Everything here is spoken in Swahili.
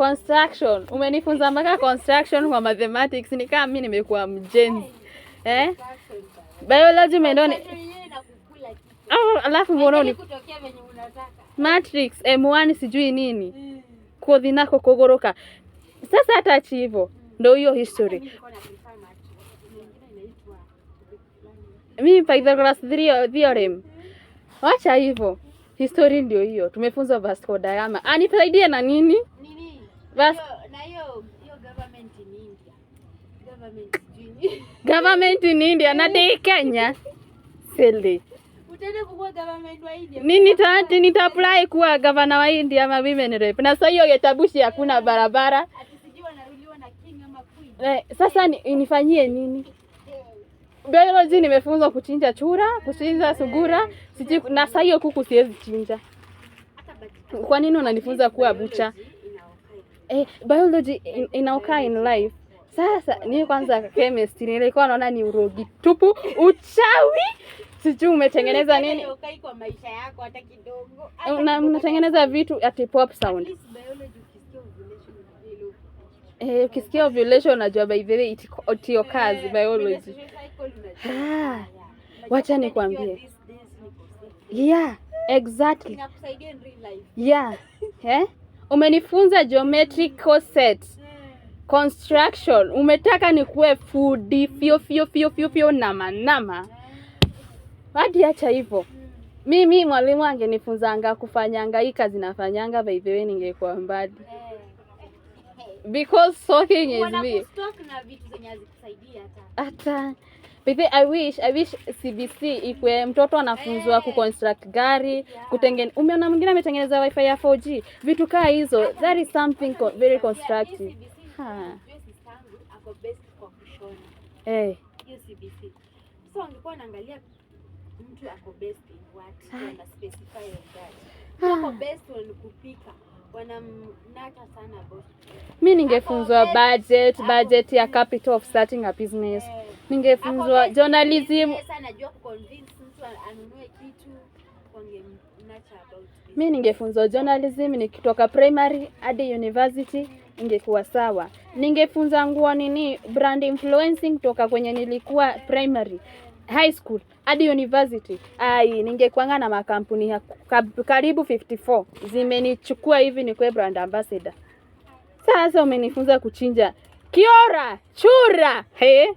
Construction. Umenifunza mpaka construction kwa mathematics, ni kama mimi nimekuwa mjenzi eh? Biology umeenda oh, alafu mbona ni matrix M1 sijui nini mm. kothi nako kogoroka sasa hata chivo hmm. Ndio hiyo history mimi Pythagoras theorem, wacha hivyo History ndio hiyo. Tumefunza Vasco da Gama. Anitusaidie na nini? Nini? Vas na hiyo hiyo government in India. Government in India. Government in India na dei Kenya. Sele. Utaenda kuwa government wa India. Nini tati nita apply kuwa governor wa India ama women rep. Na sasa hiyo getabushi hakuna barabara. Ati sijui na king ama queen. Eh, sasa ni, nifanyie nini? biology nimefunzwa kuchinja chura, kuchinja sugura siji, na saa hiyo kuku siwezi chinja. Kwa nini unanifunza kuwa bucha? Eh, biology in, in life. Sasa ni kwanza chemistry nilikuwa naona ni urogi tupu, uchawi sijui umetengeneza nini kwa maisha yako hata kidogo. unatengeneza vitu ati pop sound. Eh, ukisikia ovulation unajua by the way it, it occurs eh, biology. Ah, wacha nikwambie. Yeah, exactly. Yeah. Eh? Umenifunza geometric corset. Construction. Umetaka nikuwe fundi fio fio fio fio fio nama nama. Hadi acha hivyo. Mimi mwalimu angenifunzanga kufanyanga hii kazi nafanyanga, by the way, ningekuwa mbali because talking is me na vitu hata Pithi, I wish I wish CBC ikwe mtoto anafunzwa hey, eh. construct gari yeah, kutengene. Umeona mwingine ametengeneza wifi ya 4G vitu kaa hizo, that is something co very constructive. Ha. Eh. So angekuwa anaangalia mtu ako best in what, ana ah. specify on that. Ah. Ako best on kupika. Mi ningefunzwa budget budget ya capital of starting a business. Eh ningefunzwa journalism. Mi ningefunzwa journalism nikitoka primary hadi university ingekuwa sawa. Ningefunza nguo nini, brand influencing toka kwenye nilikuwa primary high school hadi university. Ai, ningekwanga na makampuni karibu 54 zimenichukua hivi nikuwe brand ambassador. Sasa umenifunza kuchinja kiora chura he